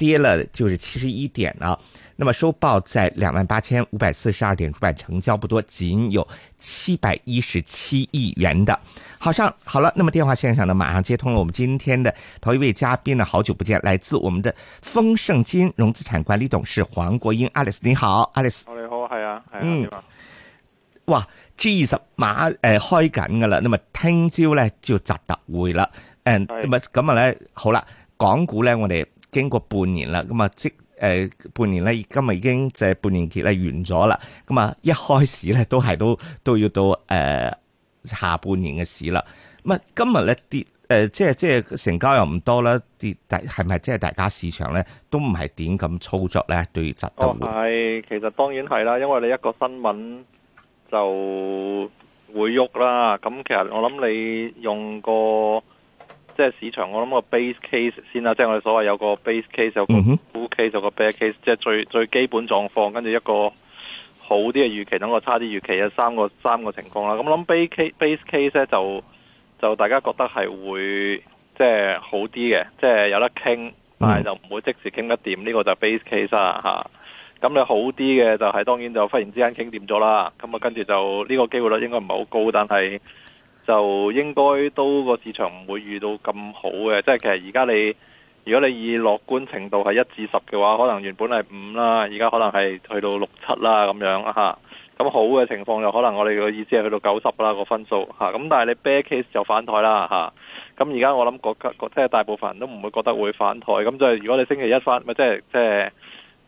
跌了就是七十一點了。那麼收報在兩萬八千五百四十二點，主板成交不多，僅有七百一十七億元的。好上好了，那麼電話線上呢，馬上接通了。我們今天的頭一位嘉賓呢，好久不見，來自我們的豐盛金融資產管理董事黃國英 Alex 你好 Alex 你好，係啊，係啊，嗯，哇，G 十馬誒開緊噶啦，那麼聽朝呢，就砸到位啦，對嗯，那麼咁啊咧，好啦，港股咧，我哋。經過半年啦，咁、嗯、啊即誒、呃、半年咧，今日已經即係半年結咧完咗啦。咁、嗯、啊一開始咧都係都都要到誒、呃、下半年嘅市啦。咁、嗯、啊今日咧跌誒，即係即係成交又唔多啦，跌係咪即係大家市場咧都唔係點咁操作咧？對質到哦，係其實當然係啦，因為你一個新聞就會喐啦。咁其實我諗你用個。即係市場，我諗個 base case 先啦，即係我哋所謂有個 base case，有個 good case，有個 bad case，即係最最基本狀況，跟住一個好啲嘅預期，等個差啲預期，有三個三個情況啦。咁諗 base base case 咧，就就大家覺得係會即係、就是、好啲嘅，即、就、係、是、有得傾，但係就唔會即時傾得掂。呢、這個就係 base case 啦。咁你好啲嘅就係、是、當然就忽然之間傾掂咗啦。咁啊跟住就呢、這個機會率應該唔係好高，但係。就應該都，嗰個市場唔會遇到咁好嘅，即係其實而家你，如果你以樂觀程度係一至十嘅話，可能原本係五啦，而家可能係去到六七啦，咁樣咁、啊、好嘅情況就可能我哋嘅意思係去到九十啦個分數嚇。咁、啊、但係你 bear case 就反台啦嚇。咁而家我諗即係大部分人都唔會覺得會反台。咁就如果你星期一翻咪即係即係。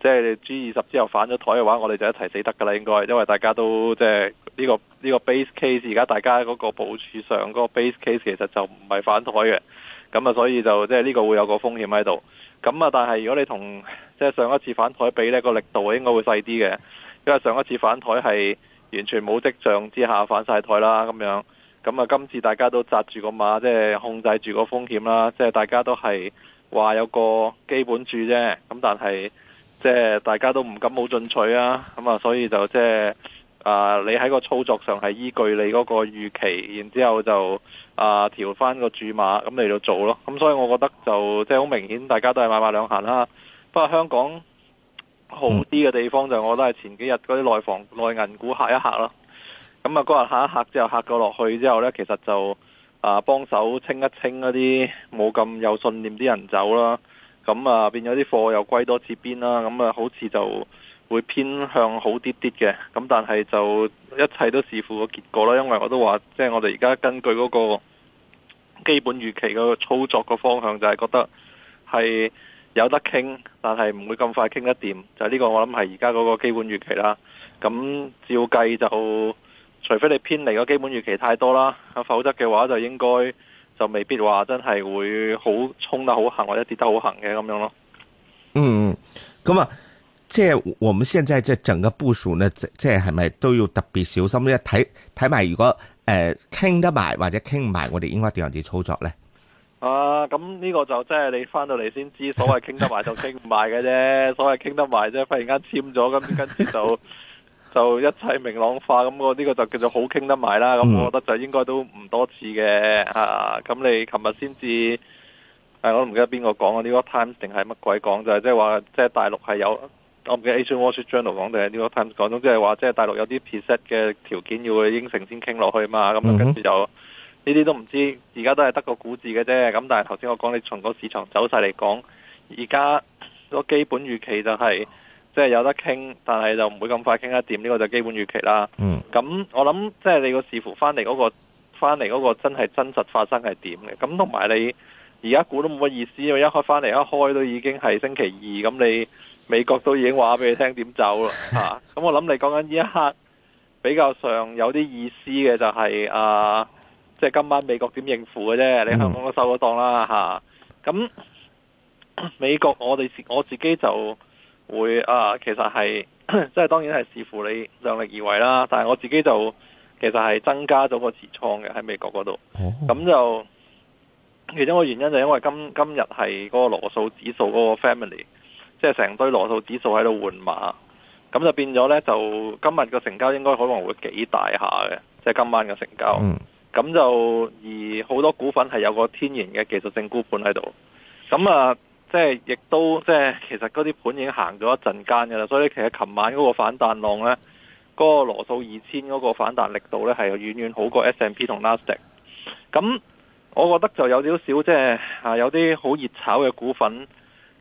即係你 G 二十之後反咗台嘅話，我哋就一齊死得㗎啦！應該，因為大家都即係呢個呢個 base case，而家大家嗰個部署上嗰個 base case 其實就唔係反台嘅，咁啊，所以就即係呢個會有個風險喺度。咁啊，但係如果你同即係上一次反台比呢個力度應該會細啲嘅，因為上一次反台係完全冇跡象之下反曬台啦，咁樣。咁啊，今次大家都扎住個馬，即係控制住個風險啦。即係大家都係話有個基本住啫，咁但係。即係大家都唔敢冇進取啊，咁啊，所以就即係、啊、你喺個操作上係依據你嗰個預期，然之後就啊調翻個注碼，咁你就做咯。咁所以我覺得就即係好明顯，大家都係買買兩行啦。不過香港好啲嘅地方就，我都係前幾日嗰啲內房內銀股嚇一嚇咯。咁啊，嗰日嚇一嚇之後嚇過落去之後呢，其實就啊幫手清一清嗰啲冇咁有信念啲人走啦。咁啊，變咗啲貨又貴多次邊啦，咁啊，好似就會偏向好啲啲嘅，咁但係就一切都視乎個結果啦。因為我都話，即係我哋而家根據嗰個基本預期嗰個操作個方向就，就係覺得係有得傾，但係唔會咁快傾得掂。就呢個我諗係而家嗰個基本預期啦。咁照計就，除非你偏離個基本預期太多啦，否則嘅話就應該。就未必話真係會好衝得好行或者跌得好行嘅咁樣咯。嗯，咁啊，即係我哋現在即係整個部署呢，即係係咪都要特別小心一睇睇埋如果誒傾、呃、得埋或者傾唔埋，我哋應該點樣子操作呢？啊，咁、嗯、呢、這個就即係你翻到嚟先知，所謂傾得埋就傾唔埋嘅啫， 所謂傾得埋啫，忽然間簽咗咁跟住就。 就一切明朗化，咁我呢個就叫做好傾得埋啦。咁我覺得就應該都唔多次嘅吓。咁、mm hmm. 啊、你琴日先至，誒、啊，我唔記得邊、個講啊？New York Times 定係乜鬼講？就係即係話，即、就、係、是、大陸係有，我唔記得 Asian Wall Street Journal 講定係 New York Times 講。總之係話，即、就、係、是、大陸有啲 preset 嘅條件要應承先傾落去嘛。咁跟住就呢啲、mm hmm. 都唔知，而家都係得個估字嘅啫。咁但係頭先我講，你從個市場走勢嚟講，而家個基本預期就係、是。即係有得傾，但係就唔會咁快傾得掂，呢、呢個就基本預期啦。咁、嗯、我諗即係你個視乎返嚟嗰個返嚟嗰個真係真實發生係點嘅？咁同埋你而家估都冇乜意思，因為一開返嚟一開都已經係星期二，咁你美國都已經話俾你聽點走啦吓咁、 啊、我諗你講緊呢一刻比較上有啲意思嘅就係、係、啊，即係今晚美國點應付嘅啫。你香港都收咗檔啦吓咁、嗯啊、美國我哋我自己就。會啊，其實係即係當然係視乎你量力而為啦。但係我自己就其實係增加咗個持倉嘅喺美國嗰度。咁、嗯、就其中一個原因就是因為今今日係嗰個羅素指數嗰個 family，即係成堆羅素指數喺度換馬，咁就變咗呢，就今日嘅成交應該可能會幾大一下嘅，即、就、係、是、今晚嘅成交。咁、嗯、就而好多股份係有個天然嘅技術性沽盤喺度，咁啊。即係亦都即係其實嗰啲盤已經行咗一陣間嘅啦，所以其實琴晚嗰個反彈浪呢，嗰個羅素二千嗰個反彈力度呢，係遠遠好過 S&P 同 Nasdaq。咁我覺得就有少少即係啊有啲好熱炒嘅股份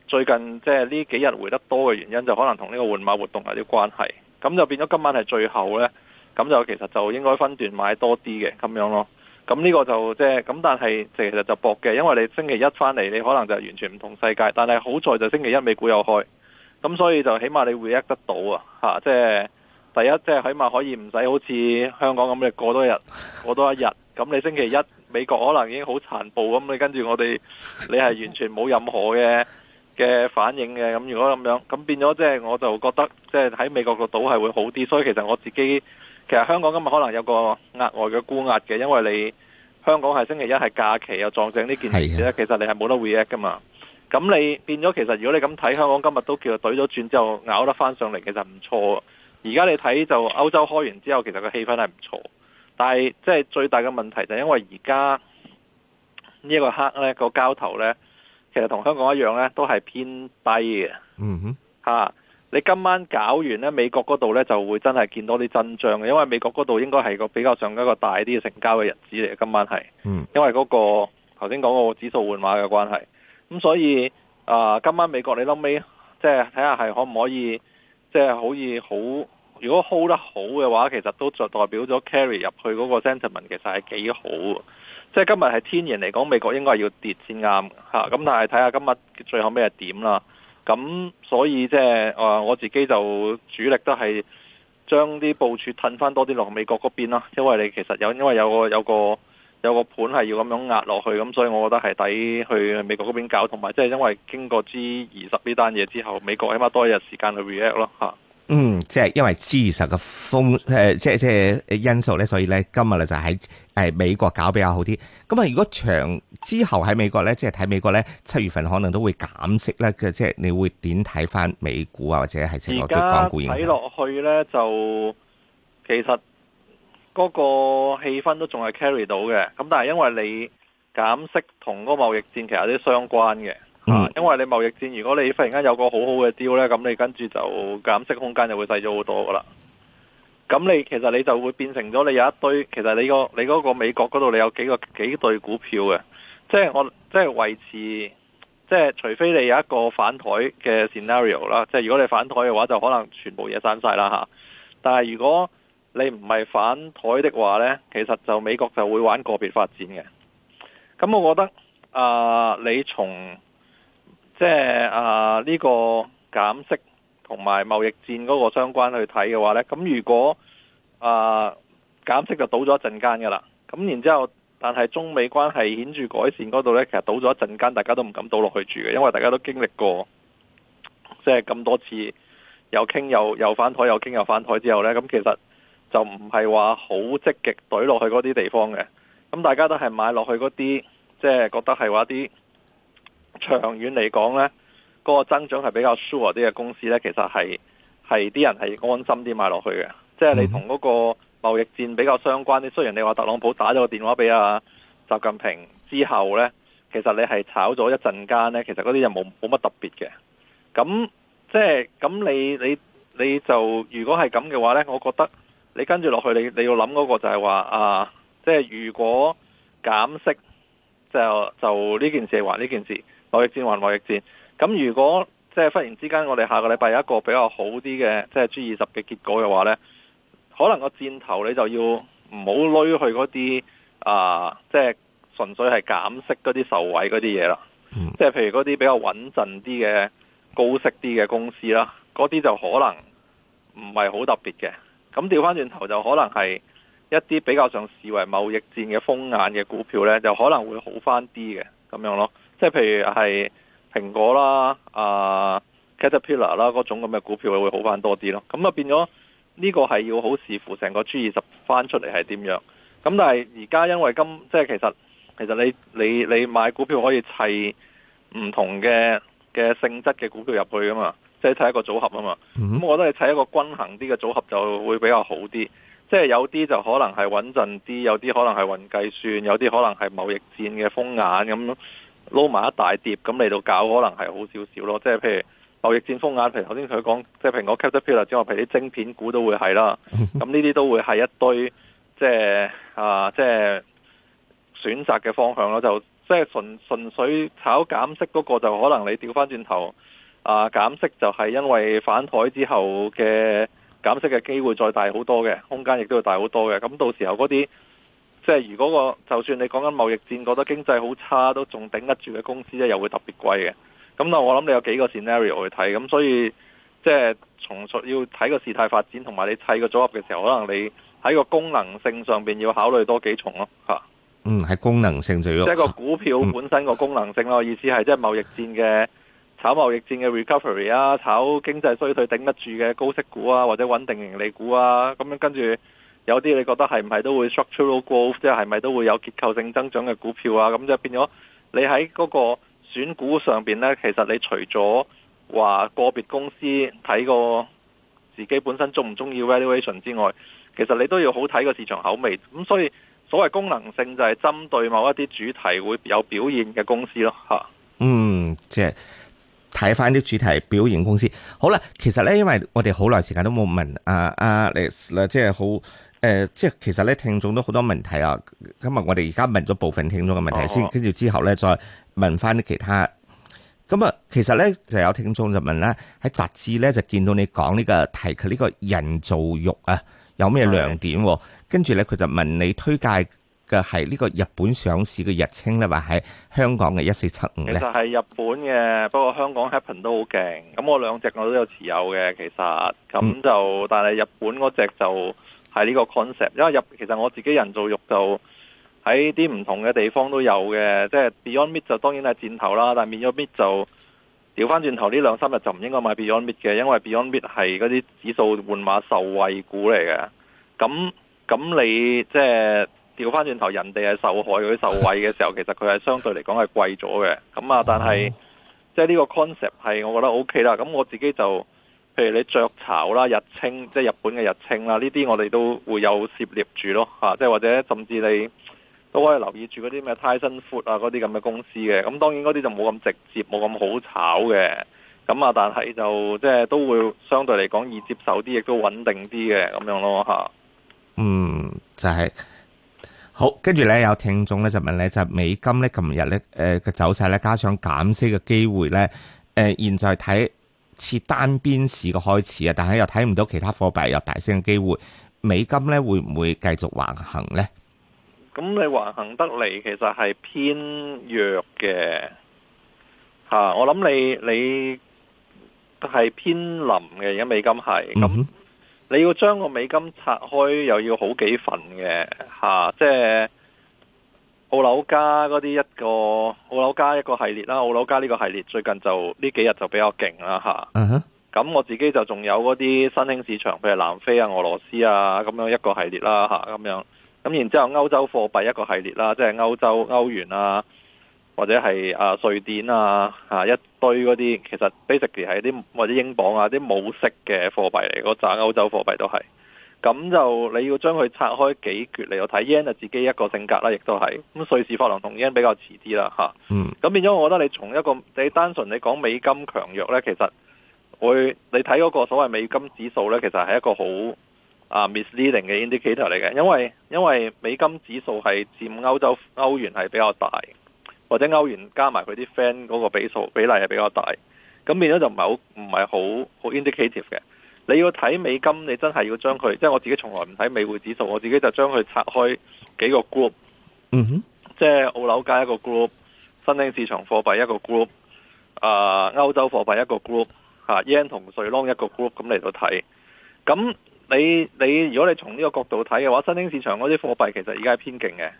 最近即係呢幾日回得多嘅原因就可能同呢個換馬活動有啲關係。咁就變咗今晚係最後呢，咁就其實就應該分段買多啲嘅咁樣咯。咁呢個就即係咁，但係其實就搏嘅，因為你星期一返嚟，你可能就完全唔同世界。但係好在就星期一美股有開，咁所以就起碼你會得到啊！吓，即係第一，即係起碼可以唔使好似香港咁你過多日，過多一日。咁你星期一美國可能已經好殘暴，咁你跟住我哋，你係完全冇任何嘅嘅反應嘅。咁如果咁樣，咁變咗即係我就覺得即係喺美國個島係會好啲。所以其實我自己。其實香港今日可能有個額外嘅沽壓嘅，因為你香港係星期一係假期又撞正呢件事是的其實你係冇得 react 噶嘛。咁你變咗，其實如果你咁睇香港今日都叫懟咗轉之後咬得翻上嚟，其實唔錯。而家你睇就歐洲開完之後，其實個氣氛係唔錯，但係即係最大嘅問題就係因為而家呢一個黑咧個交投呢，其實同香港一樣呢，都係偏低嘅。嗯哼，吓、啊。你今晚搞完咧，美國嗰度咧就會真係見到啲真章嘅，因為美國嗰度應該係個比較上一個大啲嘅成交嘅日子嚟嘅，今晚係。嗯。因為嗰、那個頭先講個指數換馬嘅關係，咁所以啊、呃，今晚美國你撈尾，即係睇下係可唔可以，即係可以好。如果 hold 得好嘅話，其實都就代表咗 carry 入去嗰個 sentiment 其實係幾好的。即係今日係天然嚟講，美國應該係要跌先啱嚇。咁、啊、但係睇下今日最後咩係點啦。咁所以即係啊，我自己就主力都係將啲部署褪翻多啲落美國嗰邊啦，因為你其實有因為有個有個有個盤係要咁樣壓落去，咁所以我覺得係抵去美國嗰邊搞，同埋即係因為經過 G20 呢單嘢之後，美國起碼多一日時間去 react 咯，嚇、啊。嗯，即係因為知識嘅風誒、呃，即係即係因素咧，所以咧今日咧就喺誒美國搞比較好啲。咁啊，如果長之後喺美國咧，即係睇美國咧，七月份可能都會減息咧，即係你會點睇翻美股啊，或者係成個港股而家睇落去咧，就其實嗰個氣氛都仲係 carry 到嘅。咁但係因為你減息同嗰個貿易戰其實有啲相關嘅。啊，因為你貿易戰，如果你忽然間有個好好嘅 deal 呢，咁你跟住就減息空間就會細咗好多噶啦。咁你其實你就會變成咗你有一堆。其實你個你嗰個美國嗰度，你有幾個幾對股票嘅，即係我即係維持，即係除非你有一個反台嘅 scenario 啦，即係如果你反台嘅話，就可能全部嘢散晒啦吓。但係如果你唔係反台的話呢，其實就美國就會玩個別發展嘅。咁我覺得啊，你從即係啊，呢個減息同埋貿易戰嗰個相關去睇嘅話呢，咁如果啊，減息就賭咗一陣間嘅啦，咁然之後，但係中美關係顯著改善嗰度呢，其實賭咗一陣間，大家都唔敢倒落去住嘅，因為大家都經歷過，即係咁多次又傾又又翻台，又傾又翻台之後呢，咁其實就唔係話好積極懟落去嗰啲地方嘅，咁大家都係買落去嗰啲，即係覺得係話啲。長遠嚟講呢，嗰個增長係比較 sure 啲嘅公司呢，其實係係啲人係安心啲買落去嘅。即係你同嗰個貿易戰比較相關啲，雖然你話特朗普打咗個電話俾阿習近平之後呢，其實你係炒咗一陣間呢，其實嗰啲就冇冇乜特別嘅。咁即係咁你你你就如果係咁嘅話呢，我覺得你跟住落去，你你要諗嗰個就係話啊，即係如果減息就就呢件事還呢件事。貿易戰還貿易戰，咁如果即係、就是、忽然之間，我哋下個禮拜有一個比較好啲嘅，即、就、係、是、G 二十嘅結果嘅話呢，可能個箭頭你就要唔好濾去嗰啲啊，即、就、係、是、純粹係減息嗰啲受惠嗰啲嘢啦。即係譬如嗰啲比較穩陣啲嘅高息啲嘅公司啦，嗰啲就可能唔係好特別嘅。咁調翻轉頭就可能係一啲比較上視為貿易戰嘅風眼嘅股票呢，就可能會好翻啲嘅咁樣咯。即係譬如係蘋果啦、啊 Caterpillar 啦嗰種咁嘅股票會好翻多啲咯。咁啊變咗呢個係要好視乎成個 G 二十翻出嚟係點樣。咁但係而家因為今即係其實其實你你你買股票可以砌唔同嘅嘅性質嘅股票入去啊嘛，即係砌一個組合啊嘛。咁、mm hmm. 我覺得你砌一個均衡啲嘅組合就會比較好啲。即係有啲就可能係穩陣啲，有啲可能係雲計算，有啲可能係貿易戰嘅風眼咁。撈埋一大碟咁嚟到搞，可能係好少少咯。即係譬如貿易戰風眼，譬如頭先佢講，即係蘋果 Caterpillar 之外，譬如啲晶片股都會係啦。咁呢啲都會係一堆即係啊，即係選擇嘅方向咯。就即係純純粹炒減息嗰個，就可能你調翻轉頭啊，減息就係因為反台之後嘅減息嘅機會再大好多嘅，空間亦都要大好多嘅。咁到時候嗰啲。即係如果個就算你講緊貿易戰，覺得經濟好差都仲頂得住嘅公司咧，又會特別貴嘅。咁啊，我諗你有幾個 scenario 去睇，咁所以即係從屬要睇個事態發展同埋你砌個組合嘅時候，可能你喺個功能性上邊要考慮多幾重咯、嚇，嗯，係功能性上，即係個股票本身個功能性咯，嗯、意思係即係貿易戰嘅炒貿易戰嘅 recovery 啊，炒經濟衰退頂得住嘅高息股啊，或者穩定盈利股啊，咁樣跟住。有啲你覺得係唔係都會 structural growth，即係係咪都會有結構性增長嘅股票啊？咁就係變咗你喺嗰個選股上邊呢。其實你除咗話個別公司睇過自己本身中唔中意 valuation 之外，其實你都要好睇個市場口味。咁所以所謂功能性就係針對某一啲主題會有表現嘅公司咯，吓，嗯，即係睇翻啲主題表現公司。好啦，其實呢，因為我哋好耐時間都冇問阿 Alex 啦，即係好。啊就是。誒，即係、呃、其實咧，聽眾都好多問題啊。今日我哋而家問咗部分聽眾嘅問題先，跟住之後咧再問翻啲其他。咁啊，其實咧就有聽眾就問咧喺雜誌咧就見到你講呢個提及呢個人造肉啊，有咩亮點？跟住咧佢就問你推介嘅係呢個日本上市嘅日清咧，話喺香港嘅一四七五咧。其實係日本嘅，不過香港 happen 都好勁。咁我兩隻我都有持有嘅，其實咁就，但係日本嗰隻就。係呢個 concept，因為入其實我自己人造肉就喺啲唔同嘅地方都有嘅，即、就、係、是、Beyond Meat 就當然係箭頭啦，但係免咗 Meat 就調翻轉頭呢兩三日就唔應該買 Beyond Meat 嘅，因為 Beyond Meat 係嗰啲指數換馬受惠股嚟嘅，咁咁你即係調翻轉頭，就是、人哋係受害佢受惠嘅時候，其實佢係相對嚟講係貴咗嘅，咁啊，但係即係呢個 concept 係我覺得 O、OK、K 啦，咁我自己就。譬如你雀巢啦，日清，即係日本嘅日清啦，呢啲我哋都會有涉獵住咯，吓，即係或者甚至你都可以留意住嗰啲咩泰新富啊，嗰啲咁嘅公司嘅。咁當然嗰啲就冇咁直接，冇咁好炒嘅。咁啊，但係就即係都會相對嚟講易接受啲，亦都穩定啲嘅咁樣咯，吓。嗯，就係、是、好。跟住咧，有聽眾咧就問咧，就是、美金咧琴日咧，誒嘅、呃、走勢咧，加上減息嘅機會咧，誒、呃，現在睇。似單邊市嘅開始啊！但係又睇唔到其他貨幣有大升嘅機會，美金呢會唔會繼續橫行呢？咁你橫行得嚟，其實係偏弱嘅嚇、啊。我諗你你係偏臨嘅，而家美金係咁，嗯、哼你要將個美金拆開，又要好幾份嘅嚇、啊，即係。澳紐加嗰啲一個澳紐加一個系列啦，澳紐加呢個系列最近就呢幾日就比較勁啦吓。咁、uh huh. 我自己就仲有嗰啲新興市場，譬如南非啊、俄羅斯啊咁樣一個系列啦吓，咁樣。咁然之後歐洲貨幣一個系列啦，即係歐洲歐元啊，或者係啊瑞典啊吓一堆嗰啲，其實 basically 係啲或者英鎊啊啲冇息嘅貨幣嚟，嗰紮歐洲貨幣都係。咁就你要將佢拆開幾橛嚟又睇，yen 就自己一個性格啦，亦都係咁瑞士法郎同 yen 比較遲啲啦，嚇。嗯。咁變咗，我覺得你從一個你單純你講美金強弱咧，其實會你睇嗰個所謂美金指數咧，其實係一個好啊、uh, misleading 嘅 indicator 嚟嘅，因為因為美金指數係佔歐洲歐元係比較大，或者歐元加埋佢啲 friend 嗰個比數比例係比較大，咁變咗就唔係好唔係好好 indicative 嘅。你要睇美金，你真係要將佢，即係我自己從來唔睇美匯指數，我自己就將佢拆開幾個 group，嗯哼，即係澳紐加一個 group，新興市場貨幣一個 group，啊、呃，歐洲貨幣一個 group，吓，yen 同瑞郎一個 group，咁嚟到睇。咁你你如果你從呢個角度睇嘅話，新興市場嗰啲貨幣其實而家係偏勁嘅，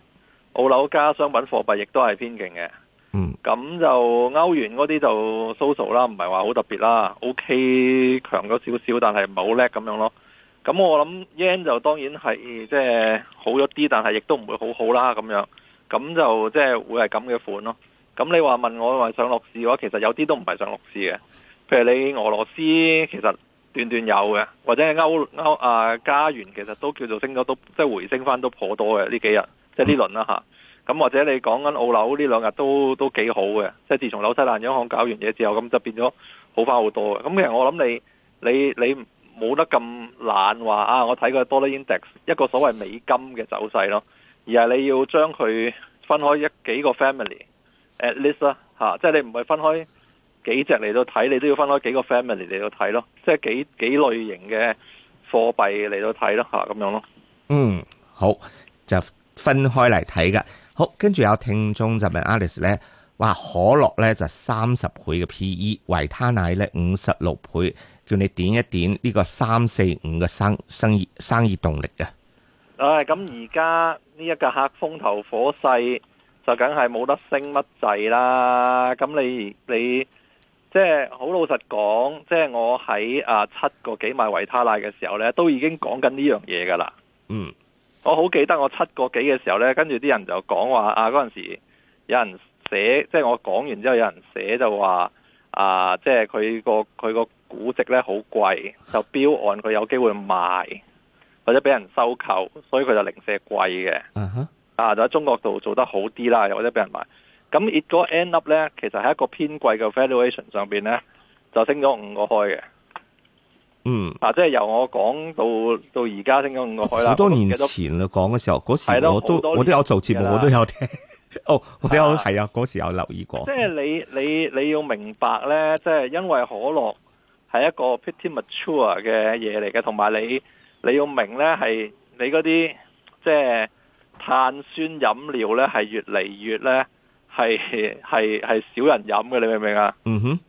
澳紐加商品貨幣亦都係偏勁嘅。嗯，咁就歐元嗰啲就 so so 啦，唔係話好特別啦，OK 強咗少少，但係唔係好叻咁樣咯。咁我諗 yen 就當然係即係好咗啲，但係亦都唔會好好啦咁樣。咁就即係會係咁嘅款咯。咁你話問我話上落市嘅話，其實有啲都唔係上落市嘅。譬如你俄羅斯，其實段段有嘅，或者係歐歐啊加元，呃、其實都叫做升咗，都即係、就是、回升翻都頗多嘅呢幾日，即係呢輪啦吓。咁或者你講緊澳樓呢兩日都都幾好嘅，即係自從紐西蘭央行搞完嘢之後，咁就變咗好翻好多嘅。咁其實我諗你你你冇得咁懶話啊！我睇個 Dollar Index 一個所謂美金嘅走勢咯，而係你要將佢分開一幾個 family，at least 啦吓，即係你唔係分開幾隻嚟到睇，你都要分開幾個 family 嚟到睇咯，即係幾幾類型嘅貨幣嚟到睇咯咁樣咯。嗯，好就分開嚟睇㗎。好，跟住有聽眾就問 Alice 咧，話可樂咧就三十倍嘅 PE，維他奶咧五十六倍，叫你點一點呢個三四五嘅生生意生意動力嘅啊。唉，咁而家呢一個客風頭火勢就梗係冇得升乜滯啦。咁你你即係好老實講，即係我喺啊七個幾買維他奶嘅時候咧，都已經講緊呢樣嘢噶啦。嗯。我好記得我七個幾嘅時候呢，跟住啲人就講話啊，嗰陣時有人寫，即係我講完之後有人寫就話啊，即係佢個佢個估值呢好貴，就標案佢有機會賣或者俾人收購，所以佢就零舍貴嘅。Uh huh. 啊就喺中國度做得好啲啦，又或者俾人買。咁亦果 end up 呢，其實喺一個偏貴嘅 valuation 上面呢，就升咗五個開嘅。嗯，嗱、啊，即係由我講到到而家聽咗好多年前啦講嘅時候，嗰時我都我都有做節目，我都有聽，哦，我都有係啊，嗰時有留意過。即係你你你要明白咧，即係因為可樂係一個 pretty mature 嘅嘢嚟嘅，同埋你你要明咧，係你嗰啲即係碳酸飲料咧，係越嚟越咧係係係少人飲嘅，你明唔明啊？嗯哼，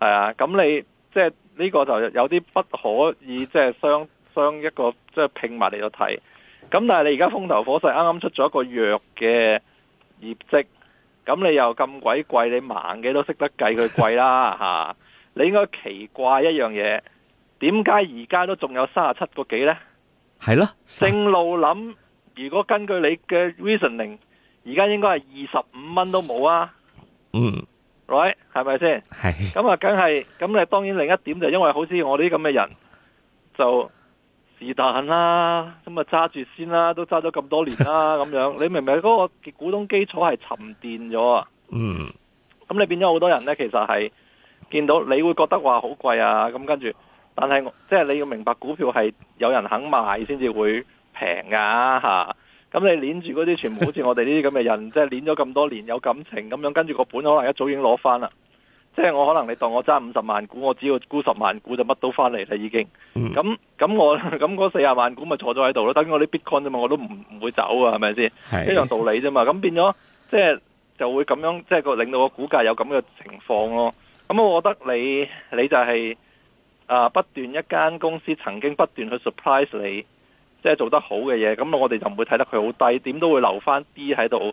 係啊，咁你即係。呢個就有啲不可以即係相相一個即係拼埋嚟度睇，咁但係你而家風頭火勢啱啱出咗一個弱嘅業績，咁你又咁鬼貴，你盲嘅都識得計佢貴啦嚇！ 你應該奇怪一樣嘢，點解而家都仲有三十七個幾呢？係咯，正路諗，如果根據你嘅 reasoning，而家應該係二十五蚊都冇啊！嗯。係咪先？咁啊、right?，梗係咁。你 當，當然另一點就因為，好似我呢咁嘅人，就是但啦，咁啊揸住先啦，都揸咗咁多年啦，啊，咁樣你明唔明嗰個股東基礎係沉澱咗啊。嗯。咁你變咗好多人呢，其實係見到你會覺得話好貴啊，咁跟住，但係即係你要明白，股票係有人肯賣先至會平㗎吓。咁你攣住嗰啲全部好似我哋呢啲咁嘅人，即係攣咗咁多年有感情咁樣，跟住個本可能一早已經攞翻啦。即係我可能你當我揸五十萬股，我只要沽十萬股就乜都翻嚟啦已經。咁咁 我咁嗰四十萬股咪坐咗喺度咯。等於我啲 bitcoin 啫嘛，我都唔唔會走啊，係咪先？一樣是道理啫嘛。咁變咗即係就會咁樣，即係個令到個股價有咁嘅情況咯。咁我覺得你你就係、是、啊不斷一間公司曾經不斷去 surprise 你。即係做得好嘅嘢，咁我哋就唔會睇得佢好低，點都會留翻啲喺度，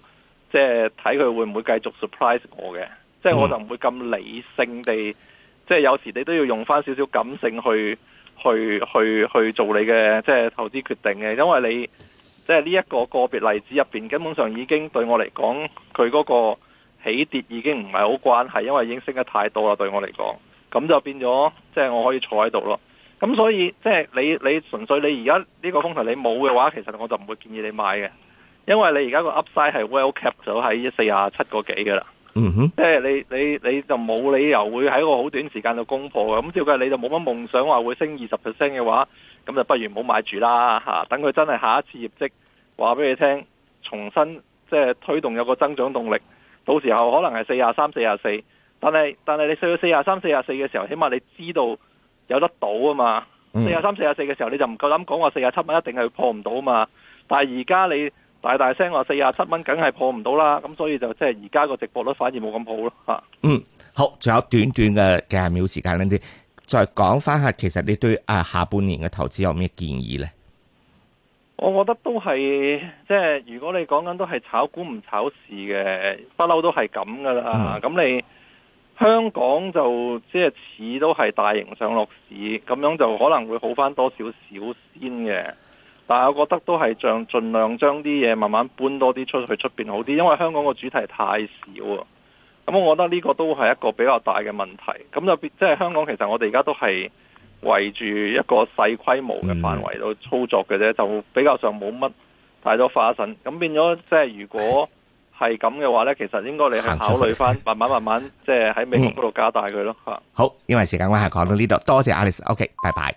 即係睇佢會唔會繼續 surprise 我嘅。即係我就唔會咁理性地，即係有時你都要用翻少少感性去去去去做你嘅即係投資決定嘅，因為你即係呢一個個別例子入面，根本上已經對我嚟講，佢嗰個起跌已經唔係好關係，因為已經升得太多啦，對我嚟講，咁就變咗即係我可以坐喺度咯。咁所以即係你你純粹你而家呢個風頭你冇嘅話，其實我就唔會建議你買嘅，因為你而家 up、well、個 Upside 係 well cap 咗喺四廿七個幾嘅啦，嗯哼，即係你你你就冇理由會喺個好短時間度攻破嘅，咁照計你就冇乜夢想話會升二十 percent 嘅話，咁就不如唔好買住啦吓，啊，等佢真係下一次業績話俾你聽，重新即係推動有個增長動力，到時候可能係四廿三、四廿四，但係但係你去到四廿三、四廿四嘅時候，起碼你知道。有得到啊嘛，四廿三、四廿四嘅時候你就唔夠膽講話四廿七蚊一定係破唔到嘛，但係而家你大大聲話四廿七蚊，梗係破唔到啦，咁所以就即係而家個直播率反而冇咁好咯吓。嗯，好，仲有短短嘅幾十秒時間，呢啲再講翻下，其實你對誒下半年嘅投資有咩建議呢？我覺得都係即係，如果你講緊都係炒股唔炒市嘅，不嬲都係咁噶啦。咁、嗯、你。香港就即係似都係大型上落市，咁樣就可能會好翻多少少先嘅。但係我覺得都係想盡量將啲嘢慢慢搬多啲出去出邊好啲，因為香港個主題太少啊。咁我覺得呢個都係一個比較大嘅問題。咁就變即係香港，其實我哋而家都係圍住一個細規模嘅範圍度操作嘅啫，就比較上冇乜太多花臣，咁變咗即係如果。係咁嘅話咧，其實應該你係考慮翻，出 慢慢慢慢，即係喺美國嗰度加大佢咯吓。好，因為時間關係，講到呢度，多謝 Alice，OK，拜拜。